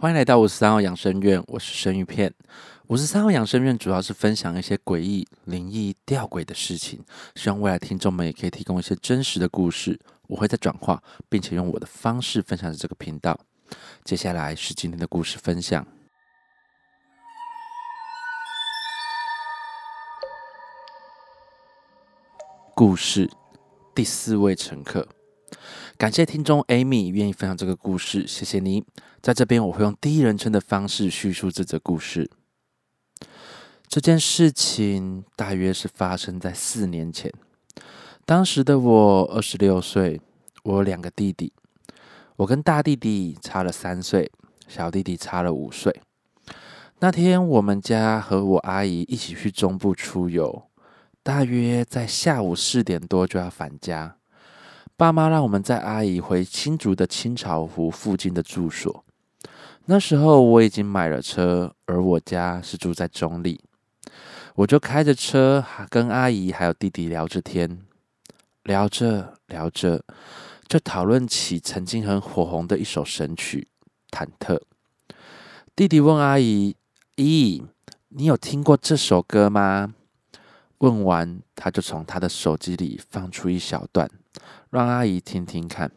歡迎來到五十三號養生怨，我是生魚片。五十三號養生怨主要是分享一些詭異、靈異、吊詭的事情，希望未來聽眾們也可以提供一些真實的故事，我會再轉化，並且用我的方式分享這個頻道。接下來是今天的故事分享。故事第四位乘客，感謝聽眾 Amy 願意分享這個故事，謝謝你。在這邊，我會用第一人稱的方式敘述這則故事。這件事情大約是發生在四年前，當時的我二十六歲，我有兩個弟弟。我跟大弟弟差了三歲，小弟弟差了五歲。那天我們家和我阿姨一起去中部出遊，大約在下午四點多就要返家。爸媽讓我們載阿姨回新竹的青草湖附近的住所。那時候我已經買了車，而我家是住在中壢。我就開着車跟阿姨還有弟弟聊着天，聊着聊着。就討論起曾經很火紅的一首神曲《忐忑》。弟弟問阿姨：“咦，你有聽過這首歌嗎？”問完，他就從他的手機裡放出一小段，讓阿姨聽聽看。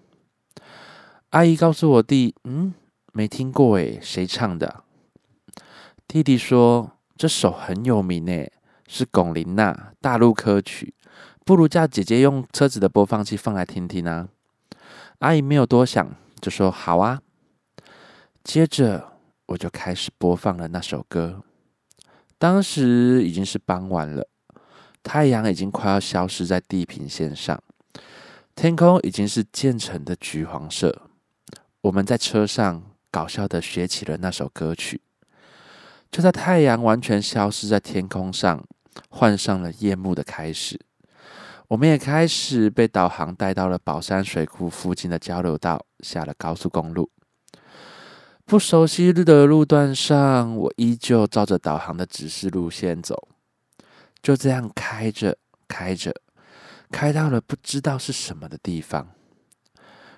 阿姨告訴我弟：“嗯，沒聽過誒，誰唱的？”弟弟說：“這首很有名誒，是龔琳娜大陸歌曲。不如叫姐姐用車子的播放器放來聽聽啊。”阿姨沒有多想，就說好啊。接着我就開始播放了那首歌。當時已經是傍晚了，太陽已經快要消失在地平線上，天空已經是漸層的橘黃色。我們在車上搞笑的學起了那首歌曲。就在太陽完全消失在天空上，換上了夜幕的開始。我們也開始被導航帶到了寶山水庫附近的交流道，下了高速公路。不熟悉的路段上，我依舊照着導航的指示路線走。就這樣開着開着，開到了不知道是什麼的地方。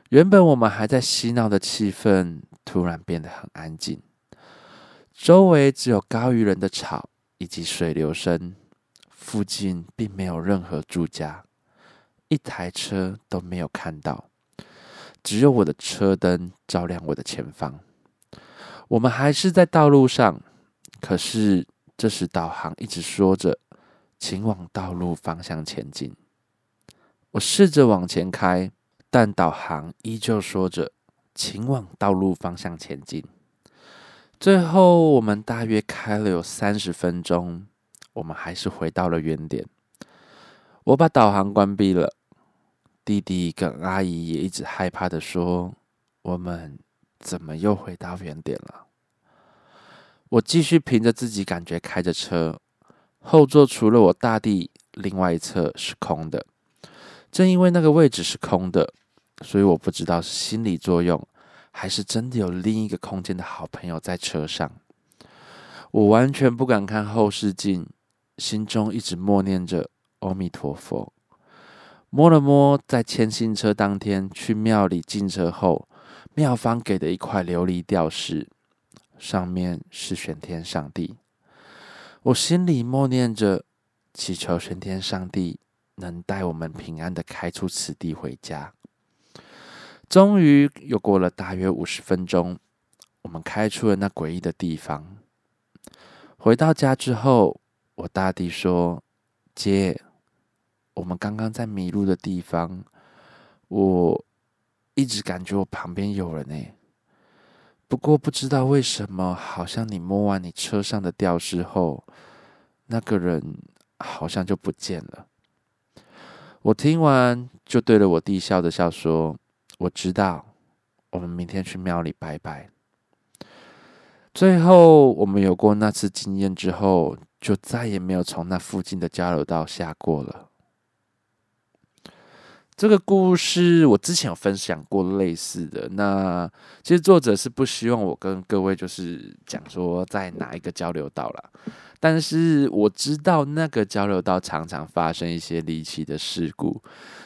原本我們還在嬉鬧的氣氛，突然變得很安靜。周圍只有高於人的草以及水流聲。附近並沒有任何住家，一台車都沒有看到，只有我的車燈照亮我的前方。我們還是在道路上，可是這時導航一直說着“請往道路方向前進”。我試着往前開，但導航依舊說着“請往道路方向前進”。最後我們大約開了有三十分鐘。我們還是回到了原點。我把導航關閉了。弟弟跟阿姨也一直害怕的說：“我們怎麼又回到原點了？”我繼續憑着自己感覺開着車。後座除了我大弟，另外一側是空的。正因為那個位置是空的，所以我不知道是心理作用，還是真的有另一個空間的好朋友在車上。我完全不敢看後視鏡。心中一直默念着“阿彌陀佛”，摸了摸在牽新車當天去廟裡進車後，廟方給的一塊琉璃吊飾，上面是玄天上帝。我心裡默念着，祈求玄天上帝能帶我們平安的開出此地回家。終於又過了大約五十分鐘，我們開出了那詭異的地方。回到家之後。我大弟說：“姐，我們剛剛在迷路的地方，我一直感覺我旁邊有人呢、欸。不過不知道為什麼，好像你摸完你車上的吊飾後，那個人好像就不見了。”我聽完就對着我弟笑了笑說：“我知道，我們明天去廟裡拜拜。”最後，我們有過那次經驗之後。就再也沒有從那附近的交流道下過了。這個故事我之前有分享過類似的，那其實作者是不希望我跟各位就是講說在哪一個交流道啦，但是我知道那個交流道常常發生一些離奇的事故。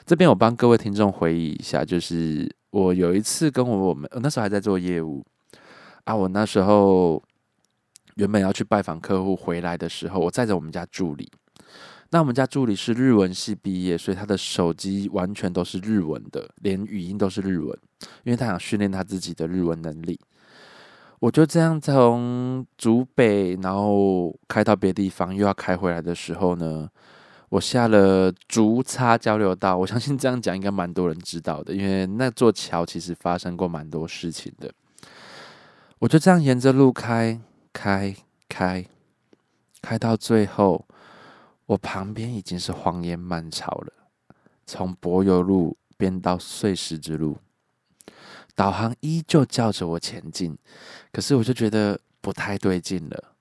這邊我幫各位聽眾回憶一下，就是我有一次跟我們、哦、那時候還在做業務啊，我那時候。原本要去拜訪客戶，回來的時候我載着我們家助理。那我們家助理是日文系畢業，所以他的手機完全都是日文的，連語音都是日文，因為他想訓練他自己的日文能力。我就這樣從竹北，然後開到別的地方，又要開回來的時候呢，我下了竹插交流道。我相信這樣講應該蠻多人知道的，因為那座橋其實發生過蠻多事情的。我就這樣沿着路開。開開開到最後，我旁邊已經是荒煙蔓草了。從柏油路變到碎石之路，導航依舊叫着我前進，可是我就覺得不太對勁了。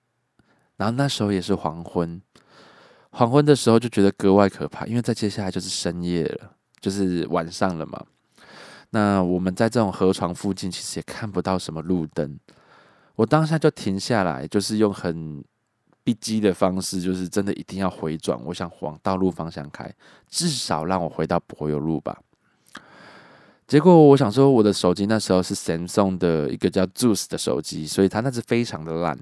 然後那時候也是黃昏，黃昏的時候就覺得格外可怕，因為在接下來就是深夜了，就是晚上了嘛。那我們在這種河床附近，其實也看不到什麼路燈。我當下就停下來，就是用很逼急的方式，就是真的一定要回轉。我想往道路方向開，至少讓我回到柏油路吧。結果我想說，我的手機那時候是 Samsung 的一個叫 Juice 的手機，所以它那是非常的爛。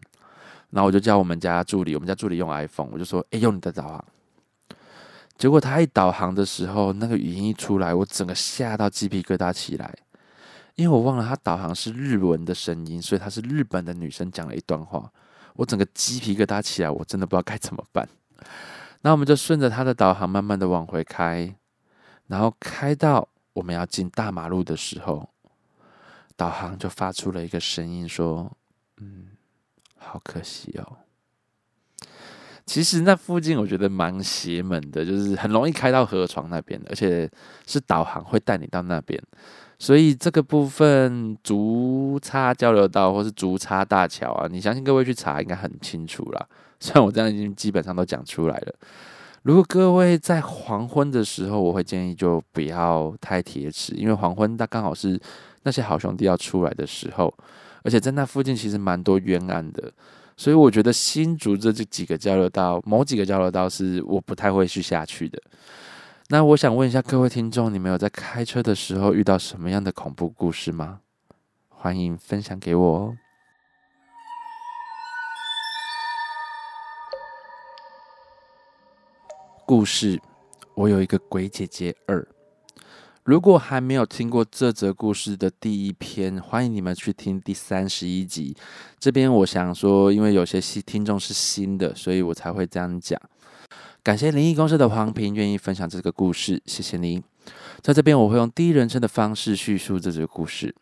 然後我就叫我們家助理，我們家助理用 iPhone，我就說：“哎、欸，用你的導航。”結果他一導航的時候，那個語音一出來，我整個嚇到雞皮疙瘩起來。因為我忘了它導航是日文的聲音，所以它是日本的女生講了一段話，我整個雞皮疙瘩起來，我真的不知道該怎麼辦。那我們就順着它的導航慢慢的往回開，然後開到我們要進大馬路的時候，導航就發出了一個聲音說：“嗯，好可惜哦。”其實那附近我覺得蠻邪門的，就是很容易開到河床那邊，而且是導航會帶你到那邊。所以這個部分竹叉交流道或是竹叉大橋啊，你相信各位去查應該很清楚啦。像我這樣已經基本上都講出來了。如果各位在黃昏的時候，我會建議就不要太鐵齒，因為黃昏它剛好是那些好兄弟要出來的時候，而且在那附近其實蠻多冤案的。所以我覺得新竹這這幾個交流道，某幾個交流道是我不太會去下去的。那我想問一下各位聽眾，你們有在開車的時候遇到什麼樣的恐怖故事嗎？歡迎分享給我哦。故事，我有一個鬼姐姐二。如果還沒有聽過這則故事的第一篇，歡迎你們去聽第三十一集。這邊我想說，因為有些新聽眾是新的，所以我才會這樣講。感謝靈異公社的黃平願意分享這個故事，謝謝你。在這邊，我會用第一人稱的方式敘述這個故事。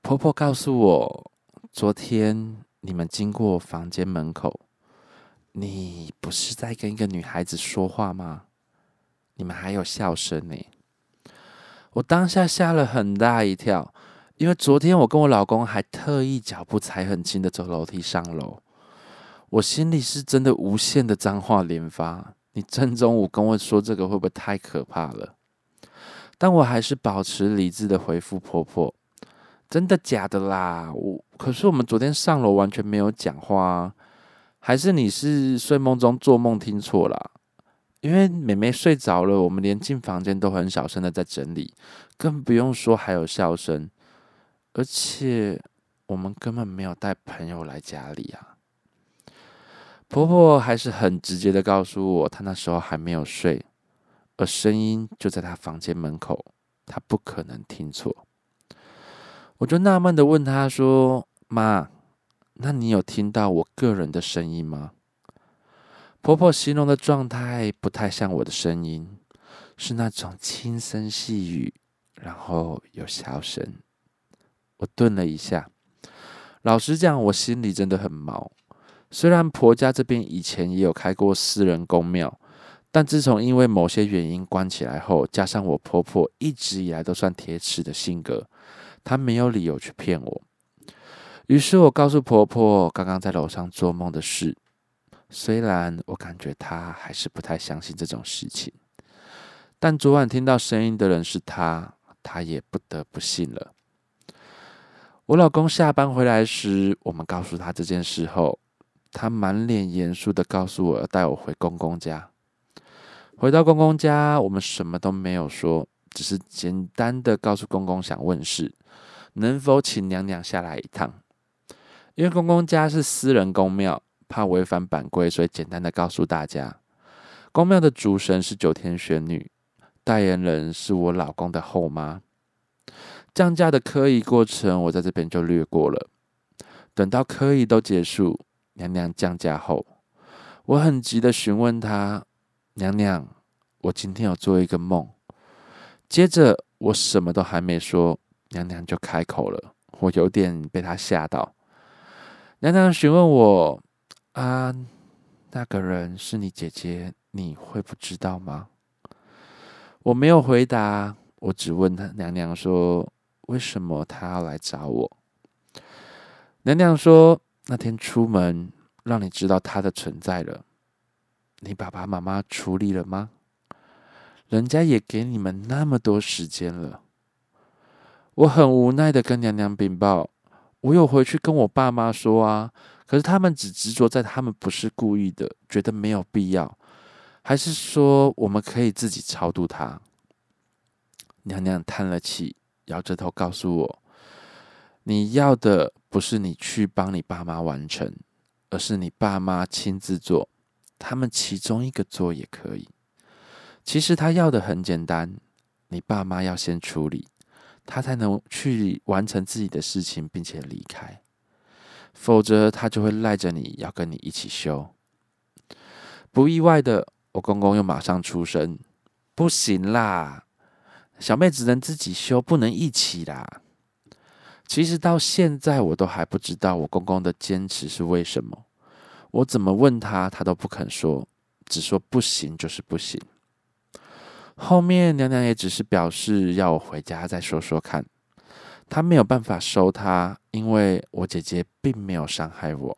婆婆告訴我，昨天你們經過房間門口，你不是在跟一個女孩子說話嗎？你們還有笑聲呢。我當下嚇了很大一跳，因為昨天我跟我老公還特意腳步踩很輕的走樓梯上樓。我心裡是真的無限的髒話連發。你正中午跟我說這個，會不會太可怕了？但我還是保持理智的回復婆婆：“真的假的啦？我可是我們昨天上樓完全沒有講話啊，還是你是睡夢中做夢聽錯啦？因為妹妹睡着了，我們連進房間都很小聲的在整理，更不用說還有笑聲。而且我們根本沒有帶朋友來家裡啊。”婆婆還是很直接的告訴我，她那時候還沒有睡，而聲音就在她房間門口，她不可能聽錯。我就納悶的問她說：“媽，那你有聽到我個人的聲音嗎？”婆婆形容的狀態不太像我的聲音，是那種輕聲細語，然後有小聲。我頓了一下，老實講，我心裡真的很毛。雖然婆家這邊以前也有開過私人宮廟，但自從因為某些原因關起來後，加上我婆婆一直以來都算鐵齒的性格，她沒有理由去騙我。於是我告訴婆婆剛剛在樓上做夢的事，雖然我感覺她還是不太相信這種事情，但昨晚聽到聲音的人是她，她也不得不信了。我老公下班回來時，我們告訴他這件事後。他滿臉嚴肅的告訴我，要帶我回公公家。回到公公家，我們什麼都沒有說，只是簡單的告訴公公想問事，能否請娘娘下來一趟？因為公公家是私人宮廟，怕違反版規，所以簡單的告訴大家，宮廟的主神是九天玄女，代言人是我老公的後媽。降駕的科儀過程，我在這邊就略過了。等到科儀都結束，娘娘降駕後，我很急的詢問她：“娘娘，我今天有做一個夢。”接着我什麼都還沒說，娘娘就開口了，我有點被她嚇到。娘娘詢問我：“啊，那個人是你姐姐，你會不知道嗎？”我沒有回答，我只問她：“娘娘說，為什麼她要來找我？”娘娘說。那天出門，讓你知道他的存在了。你爸爸媽媽處理了嗎？人家也給你們那麼多時間了。我很無奈的跟娘娘稟報，我有回去跟我爸媽說啊，可是他們只執着在他們不是故意的，覺得沒有必要，還是說我們可以自己超度他？娘娘嘆了氣，搖着頭告訴我。你要的不是你去幫你爸媽完成，而是你爸媽親自做，他們其中一個做也可以。其實他要的很簡單，你爸媽要先處理，他才能去完成自己的事情並且離開，否則他就會賴着你要跟你一起修。不意外的，我公公又馬上出聲：“不行啦，小妹只能自己修，不能一起啦。”其實到現在，我都還不知道我公公的堅持是為什麼。我怎麼問他，他都不肯說，只說不行就是不行。後面娘娘也只是表示要我回家再說說看，她沒有辦法收她，因為我姐姐並沒有傷害我。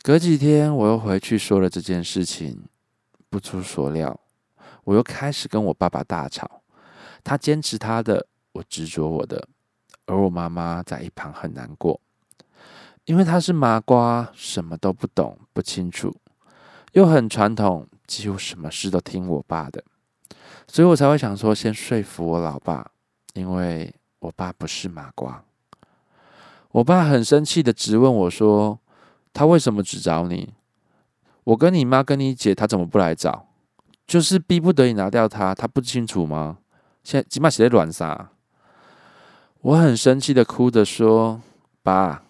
隔幾天我又回去說了這件事情，不出所料，我又開始跟我爸爸大吵，他堅持他的，我執着我的。而我媽媽在一旁很難過，因為她是麻瓜，什麼都不懂不清楚，又很傳統，幾乎什麼事都聽我爸的，所以我才會想說先說服我老爸，因為我爸不是麻瓜。我爸很生氣的質問我說：“他為什麼只找你？我跟你媽跟你姐，他怎麼不來找？就是逼不得已拿掉他，他不清楚嗎？”現在是在亂三小。我很生氣的哭着說：“爸，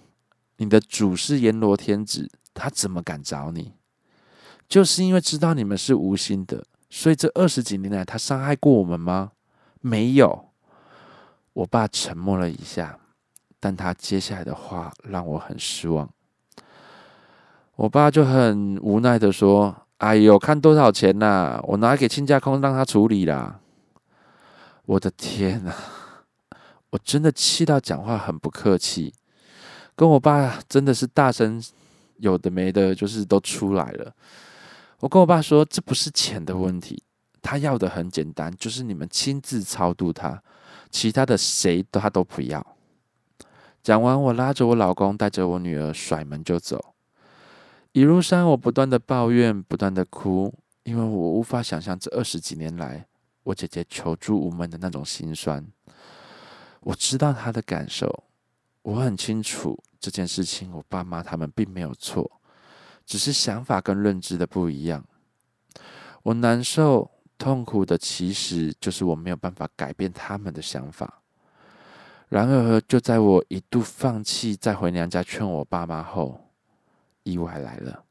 你的主是閻羅天子，他怎麼敢找你？就是因為知道你們是無心的，所以這二十幾年來他傷害過我們嗎？沒有。”我爸沉默了一下，但他接下來的話讓我很失望。我爸就很無奈的說：“哎呦，看多少錢啦，啊，我拿給親家公讓他處理啦。”我的天啊！我真的氣到講話很不客氣，跟我爸真的是大聲，有的沒的，就是都出來了。我跟我爸說，這不是錢的問題，他要的很簡單，就是你們親自超度他，其他的誰他都不要。講完，我拉着我老公，帶着我女兒甩門就走。一路上，我不斷的抱怨，不斷的哭，因為我無法想象這二十幾年來我姐姐求助無門的那種心酸。我知道他的感受，我很清楚這件事情，我爸媽他們並沒有錯，只是想法跟認知的不一樣。我難受、痛苦的其實就是我沒有辦法改變他們的想法。然而，就在我一度放棄再回娘家勸我爸媽後，意外來了。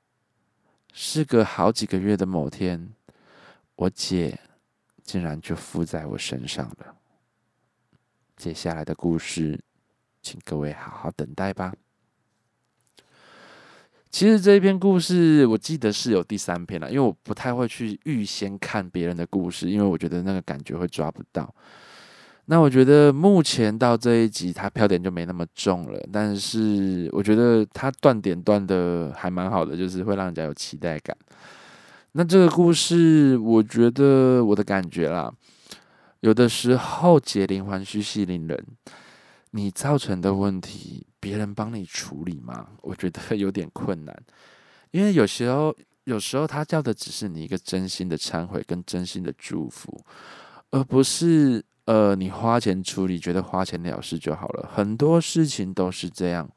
事隔好幾個月的某天，我姐竟然就附在我身上了。接下來的故事，請各位好好等待吧。其實這一篇故事，我記得是有第三篇了，因為我不太會去預先看別人的故事，因為我覺得那個感覺會抓不到。那我覺得目前到這一集，它飄點就沒那麼重了，但是我覺得它斷點斷的還蠻好的，就是會讓人家有期待感。那這個故事，我覺得我的感覺啦。有的時候解鈴還須繫鈴人，你造成的問題，別人幫你處理嗎？我覺得有點困難，因為有時候，有時候他叫的只是你一個真心的懺悔跟真心的祝福，而不是呃，你花錢處理，覺得花錢了事就好了。很多事情都是這樣。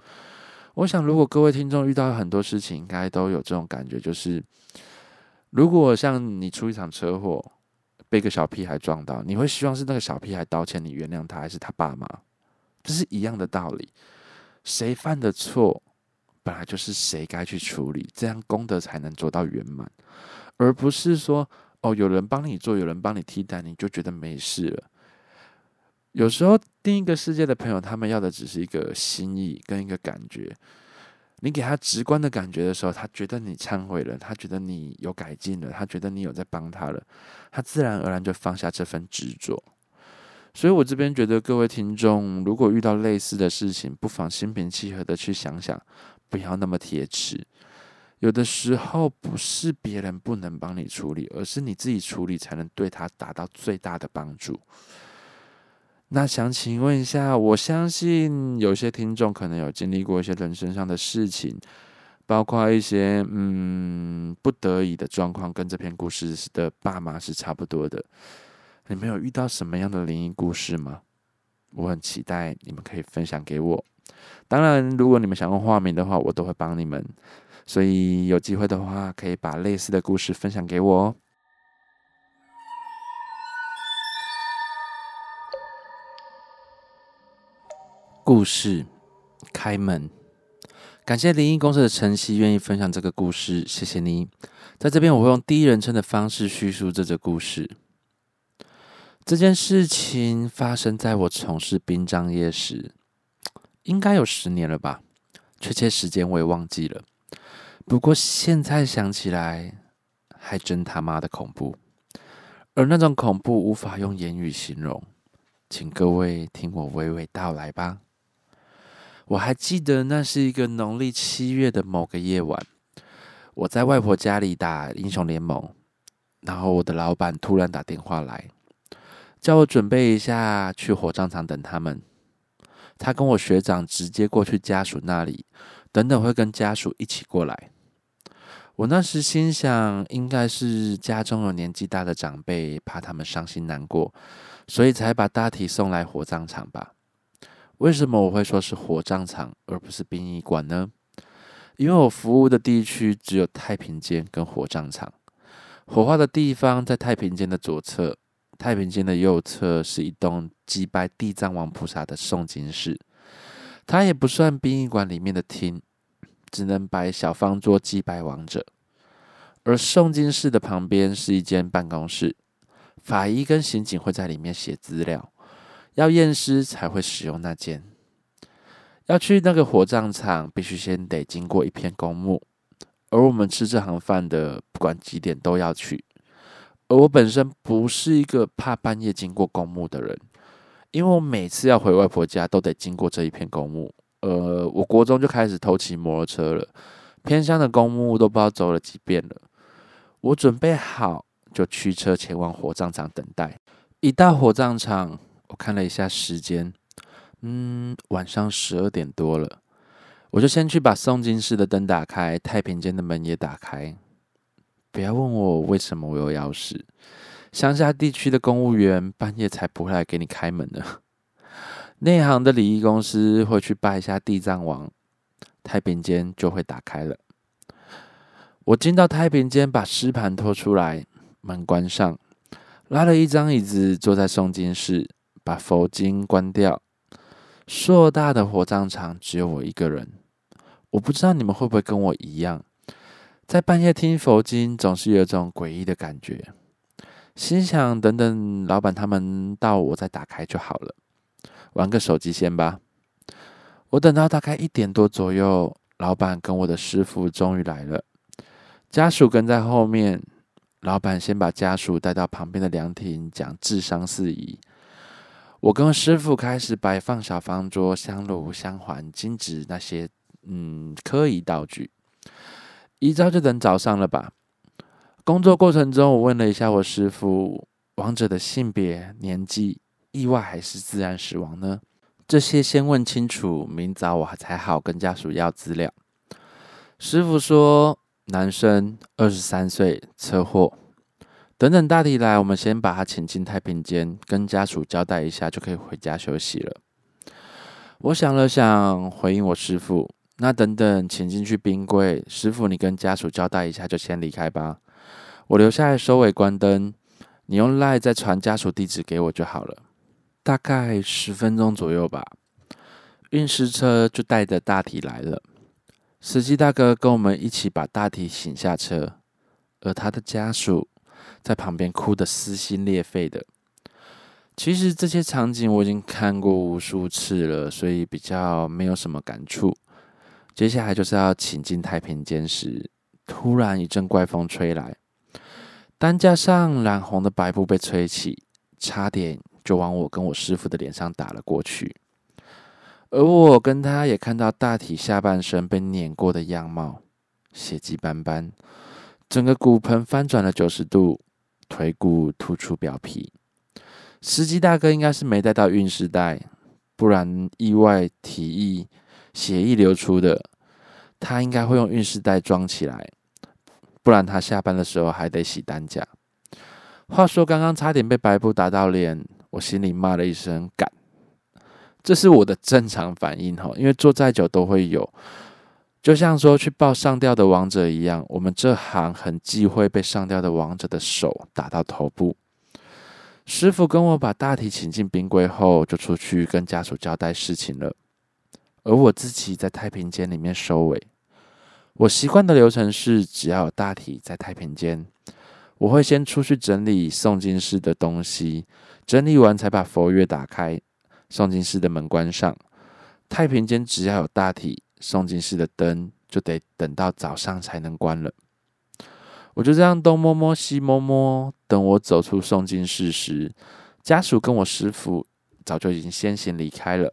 我想，如果各位聽眾遇到很多事情，應該都有這種感覺，就是如果像你出一場車禍。被一個小屁孩撞到，你會希望是那個小屁孩道歉，你原諒他，還是他爸媽？這是一樣的道理。誰犯的錯，本來就是誰該去處理，這樣功德才能做到圓滿，而不是說哦，有人幫你做，有人幫你替代，你就覺得沒事了。有時候，另一個世界的朋友，他們要的只是一個心意跟一個感覺。你給他直觀的感覺的時候，他覺得你懺悔了，他覺得你有改進了，他覺得你有在幫他了，他自然而然就放下這份執着。所以，我這邊覺得各位聽眾，如果遇到類似的事情，不妨心平氣和的去想想，不要那麼鐵齒。有的時候不是別人不能幫你處理，而是你自己處理才能對他達到最大的幫助。那想請問一下，我相信有些聽眾可能有經歷過一些人生上的事情，包括一些嗯不得已的狀況，跟這篇故事的爸媽是差不多的。你們有遇到什麼樣的靈異故事嗎？我很期待你們可以分享給我。當然，如果你們想用化名的話，我都會幫你們。所以有機會的話，可以把類似的故事分享給我哦。故事開門。感謝靈異公社的晨曦願意分享這個故事，謝謝你。在這邊，我會用第一人稱的方式敘述這個故事。這件事情發生在我從事殯葬業時，應該有十年了吧，確切時間我也忘記了。不過現在想起來，還真他媽的恐怖，而那種恐怖無法用言語形容，請各位聽我娓娓道來吧。我還記得那是一個農曆七月的某個夜晚，我在外婆家裡打英雄聯盟，然後我的老板突然打電話來，叫我準備一下去火葬場等他們。他跟我學長直接過去家屬那裡，等等會跟家屬一起過來。我那時心想，應該是家中有年紀大的長輩，怕他們傷心難過，所以才把大體送來火葬場吧。為什麼我會說是火葬場而不是殯儀館呢？因為我服務的地區只有太平間跟火葬場。火化的地方在太平間的左側，太平間的右側是一棟祭拜地藏王菩薩的誦經室，它也不算殯儀館裡面的廳，只能擺小方桌祭拜亡者。而誦經室的旁邊是一間辦公室，法醫跟刑警會在裡面寫資料。要驗屍才會使用那間，要去那個火葬場，必須先得經過一片公墓，而我們吃這行飯的，不管幾點都要去。而我本身不是一個怕半夜經過公墓的人，因為我每次要回外婆家，都得經過這一片公墓。呃，我國中就開始偷騎摩托車了，偏鄉的公墓都不知道走了幾遍了。我準備好就驅車前往火葬場等待，一到火葬場，我看了一下時間，嗯，晚上十二點多了，我就先去把誦經室的燈打開，太平間的門也打開。不要問我為什麼我有鑰匙，鄉下地區的公務員半夜才不會來給你開門呢。內 行的禮儀公司會去拜一下地藏王，太平間就會打開了。我進到太平間，把屍盤拖出來，門關上，拉了一張椅子坐在誦經室。把佛經關掉。碩大的火葬場只有我一個人。我不知道你們會不會跟我一樣，在半夜聽佛經，總是有一種詭異的感覺。心想：等等，老闆他們到，我再打開就好了。玩個手機先吧。我等到大概一點多左右，老闆跟我的師傅終於來了，家屬跟在後面。老闆先把家屬帶到旁邊的涼亭，講治喪事宜。我跟我師傅開始擺放小方桌、香爐、香環、金紙那些嗯科儀道具，一早就等早上了吧。工作過程中，我問了一下我師傅亡者的性別、年紀、意外還是自然死亡呢？這些先問清楚，明早我才好跟家屬要資料。師傅說，男生，二十三歲，車禍。等等，大體來，我們先把他請進太平間，跟家屬交代一下，就可以回家休息了。我想了想，回應我師傅：“那等等，請進去冰櫃。師傅，你跟家屬交代一下，就先離開吧。我留下來收尾、關燈。你用 LINE 再傳家屬地址給我就好了。大概十分鐘左右吧。運屍車就帶着大體來了，司機大哥跟我們一起把大體請下車，而他的家屬。”在旁邊哭得撕心裂肺的。其實這些場景我已經看過無數次了，所以比較沒有什麼感觸。接下來就是要請進太平間時，突然一陣怪風吹來，擔架上染紅的白布被吹起，差點就往我跟我師傅的臉上打了過去。而我跟他也看到大體下半身被碾過的樣貌，血跡斑斑。整個骨盆翻轉了九十度，腿骨突出表皮。司機大哥應該是沒帶到運屍袋，不然意外體液血液流出的，他應該會用運屍袋裝起來，不然他下班的時候還得洗擔架。話說剛剛差點被白布打到臉，我心裡罵了一聲“幹”，這是我的正常反應吼，因為坐再久都會有。就像說去報上吊的亡者一樣，我們這行很忌諱被上吊的亡者的手打到頭部。師傅跟我把大體請進冰櫃後，就出去跟家屬交代事情了，而我自己在太平間裡面收尾。我習慣的流程是，只要有大體在太平間，我會先出去整理誦經室的東西，整理完才把佛樂打開，誦經室的門關上。太平間只要有大體。送經室的燈就得等到早上才能關了。我就這樣東摸摸西摸摸，等我走出送經室時，家屬跟我師傅早就已經先行離開了。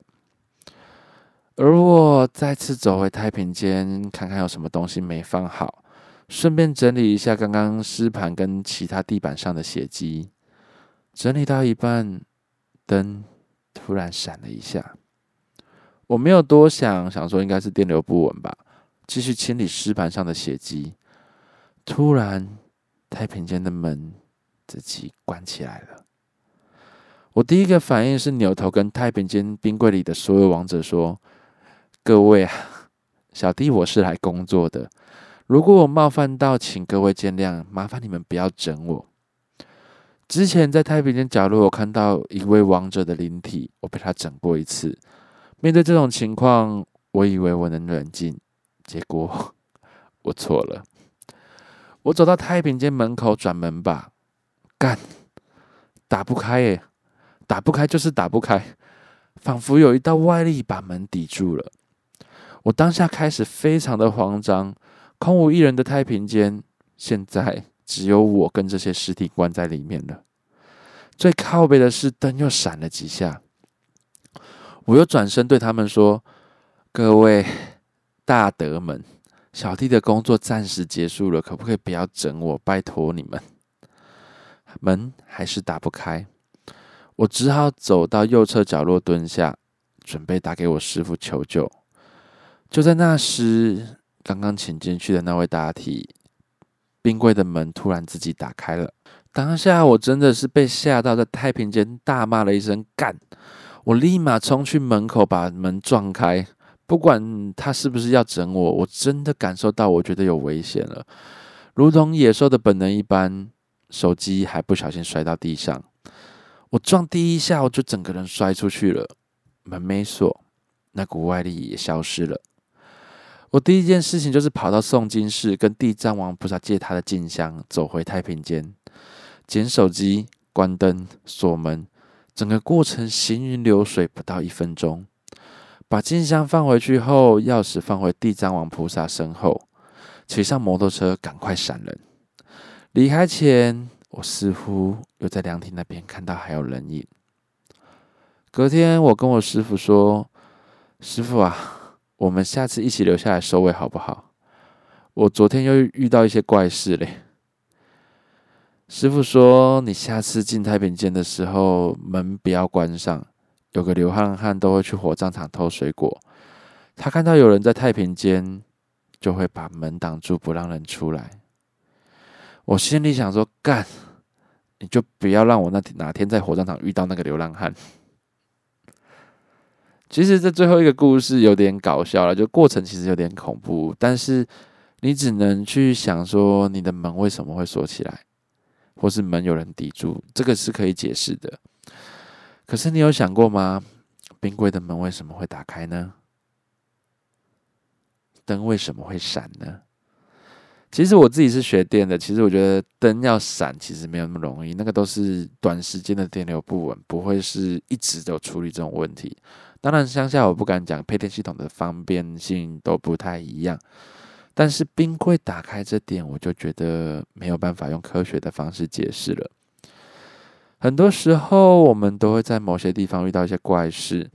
而我再次走回太平間，看看有什麼東西沒放好，順便整理一下剛剛屍盤跟其他地板上的血跡。整理到一半，燈突然閃了一下。我沒有多想，想說應該是電流不穩吧，繼續清理屍盤上的血跡，突然，太平間的門自己關起來了。我第一個反應是扭頭跟太平間冰櫃裡的所有亡者說：“各位啊，小弟我是來工作的，如果我冒犯到，請各位見諒，麻煩你們不要整我。之前在太平間角落，我看到一位亡者的靈體，我被他整過一次。”面對這種情況，我以為我能冷靜，結果我錯了。我走到太平間門口轉門把，幹，打不開耶，打不開就是打不開，仿佛有一道外力把門抵住了。我當下開始非常的慌張。空無一人的太平間，現在只有我跟這些屍體關在裡面了。最靠北的是燈又閃了幾下。我又轉身對他們說：“各位大德們，小弟的工作暫時結束了，可不可以不要整我？拜托你們。”門還是打不開，我只好走到右側角落蹲下，準備打給我師傅求救。就在那時，剛剛請進去的那位大體冰櫃的門突然自己打開了。當下我真的是被嚇到，在太平間大罵了一聲“幹”。我立馬衝去門口，把門撞開。不管他是不是要整我，我真的感受到，我覺得有危險了，如同野獸的本能一般。手機還不小心摔到地上，我撞第一下，我就整個人摔出去了。門沒鎖，那股外力也消失了。我第一件事情就是跑到誦經室，跟地藏王菩薩借他的靜香，走回太平間，撿手機，關燈，鎖門。整個過程行雲流水，不到一分鐘。把金箱放回去後，鑰匙放回地藏王菩薩身後，騎上摩托車，趕快閃人。離開前，我似乎又在涼亭那邊看到還有人影。隔天，我跟我師傅說：“師傅啊，我們下次一起留下來收尾好不好？我昨天又遇到一些怪事嘞。”師傅說：“你下次進太平間的時候，門不要關上。有個流浪漢都會去火葬場偷水果。他看到有人在太平間，就會把門擋住，不讓人出來。”我心裡想說：“幹，你就不要讓我那哪天在火葬場遇到那個流浪漢。”其實這最後一個故事有點搞笑了，就過程其實有點恐怖，但是你只能去想說，你的門為什麼會鎖起來？或是門有人抵住，這個是可以解釋的。可是你有想過嗎？冰櫃的門為什麼會打開呢？燈為什麼會閃呢？其實我自己是學電的，其實我覺得燈要閃，其實沒有那麼容易。那個都是短時間的電流不穩，不會是一直都處理這種問題。當然鄉下我不敢講，配電系統的方便性都不太一樣。但是冰櫃打開這點，我就覺得沒有辦法用科學的方式解釋了。很多時候，我們都會在某些地方遇到一些怪事。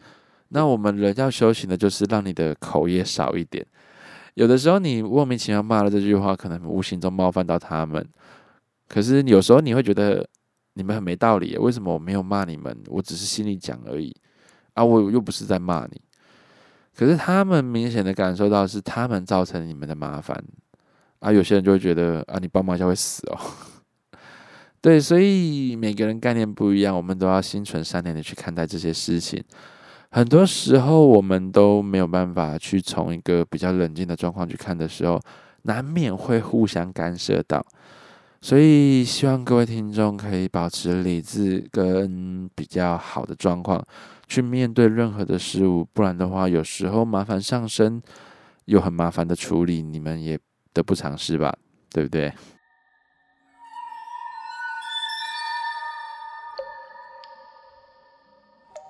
那我們人要修行的，就是讓你的口業少一點。有的時候，你莫名其妙罵了這句話，可能無形中冒犯到他們。可是有時候，你會覺得你們很沒道理，為什麼我沒有罵你們？我只是心裡講而已，啊，我又不是在罵你。可是他們明顯的感受到是他們造成你們的麻煩啊，有些人就會覺得啊，你幫忙一下會死哦， 對，所以每個人概念不一樣，我們都要心存善念的去看待這些事情。很多時候我們都沒有辦法去從一個比較冷靜的狀況去看的時候，難免會互相干涉到。所以，希望各位聽眾可以保持理智跟比較好的狀況，去面對任何的事物。不然的話，有時候麻煩上身，又很麻煩的處理，你們也得不償失吧？對不對？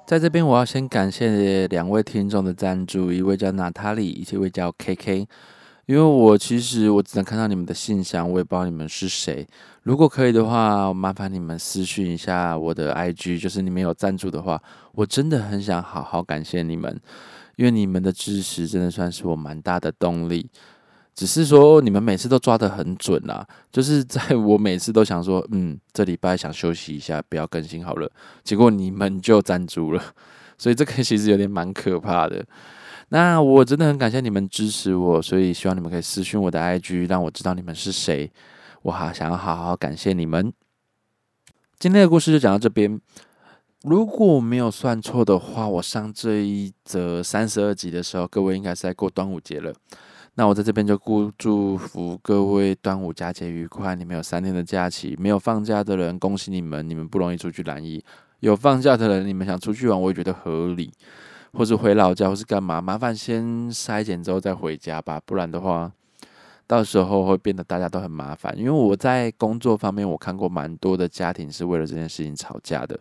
在這邊，我要先感謝兩位聽眾的贊助，一位叫娜塔莉，一位叫 KK。因為我其實我只能看到你們的信箱，我也不知道你們是誰。如果可以的話，我麻煩你們私訊一下我的 IG，就是你們有贊助的話，我真的很想好好感謝你們，因為你們的支持真的算是我蠻大的動力。只是說你們每次都抓得很準啊，就是在我每次都想說，嗯，這禮拜想休息一下，不要更新好了，結果你們就贊助了，所以這個其實有點蠻可怕的。那我真的很感謝你們支持我，所以希望你們可以私訊我的 IG，讓我知道你們是誰。我好想要好好感謝你們。今天的故事就講到這邊。如果我沒有算錯的話，我上這一則三十二集的時候，各位應該是在過端午節了。那我在這邊就祝福各位端午佳節愉快。你們有三天的假期，沒有放假的人恭喜你們，你們不容易出去染疫。有放假的人，你們想出去玩，我也覺得合理。或者回老家，或是幹嘛？麻煩先篩檢之後再回家吧，不然的話，到時候會變得大家都很麻煩。因為我在工作方面，我看過蠻多的家庭是為了這件事情吵架的，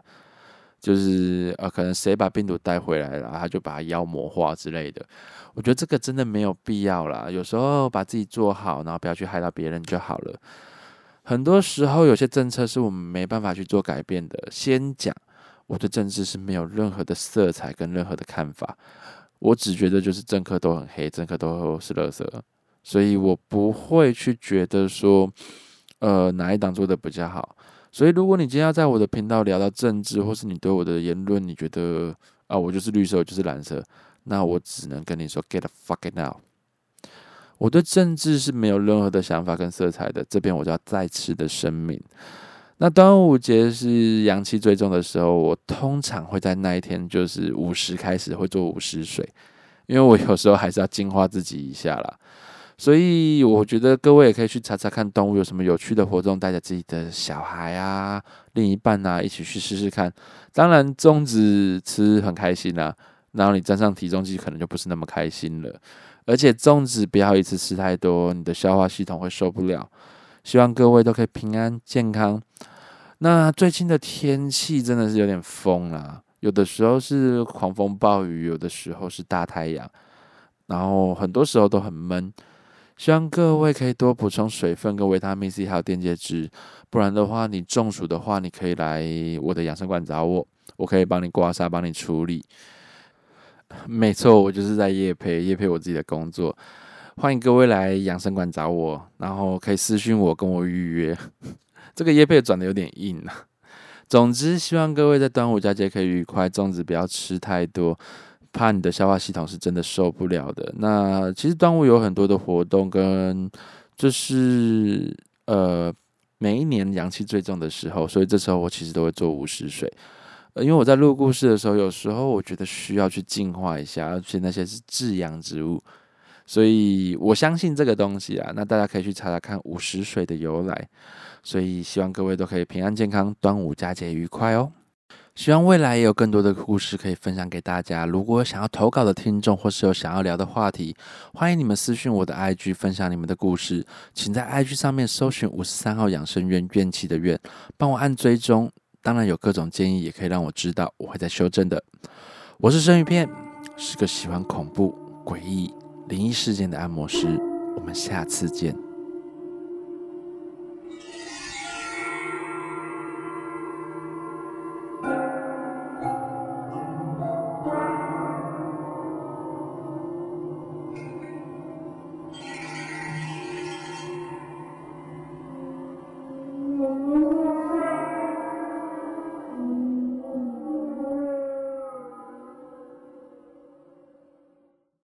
就是呃，可能誰把病毒帶回來了，然後他就把它妖魔化之類的。我覺得這個真的沒有必要啦，有時候把自己做好，然後不要去害到別人就好了。很多時候，有些政策是我們沒辦法去做改變的。先講。我對政治是沒有任何的色彩跟任何的看法，我只覺得就是政客都很黑，政客都是垃圾，所以我不會去覺得說，呃，哪一黨做得比較好。所以如果你今天要在我的頻道聊到政治，或是你對我的言論，你覺得啊、呃，我就是綠色，我就是藍色，那我只能跟你說 get the fuck out。我對政治是沒有任何的想法跟色彩的，這邊我就要再次的聲明。那端午節是陽氣最重的時候，我通常會在那一天，就是午時開始會做午時水，因為我有時候還是要淨化自己一下啦，所以我覺得各位也可以去查查看端午有什麼有趣的活動，帶着自己的小孩啊、另一半啊一起去試試看。當然粽子吃很開心啊，然後你站上體重計可能就不是那麼開心了。而且粽子不要一次吃太多，你的消化系統會受不了。希望各位都可以平安健康。那最近的天氣真的是有點瘋啦、啊，有的時候是狂風暴雨，有的時候是大太陽，然後很多時候都很悶。希望各位可以多補充水分、跟維他命 C 還有電解質，不然的話你中暑的話，你可以來我的養生館找我，我可以幫你刮痧，幫你處理。沒錯，我就是在業配業配我自己的工作，歡迎各位來養生館找我，然後可以私訊我跟我預約。這個業配轉得有點硬了，啊。總之，希望各位在端午佳節可以愉快，粽子不要吃太多，怕你的消化系統是真的受不了的。那其實端午有很多的活動跟，就是，跟這是呃每一年陽氣最重的時候，所以這時候我其實都會做午時水，呃，因為我在錄故事的時候，有時候我覺得需要去淨化一下，而且那些是至陽植物。所以我相信這個東西啊，那大家可以去查查看五十水的由來。所以希望各位都可以平安健康，端午佳節愉快哦！希望未來也有更多的故事可以分享給大家。如果想要投稿的聽眾，或是有想要聊的話題，歡迎你們私訊我的 IG，分享你們的故事。請在 IG 上面搜尋五十三號養生院院氣的院，幫我按追蹤。當然有各種建議也可以讓我知道，我會在修正的。我是生魚片，是個喜歡恐怖詭異。靈異事件的按摩師，我們下次見。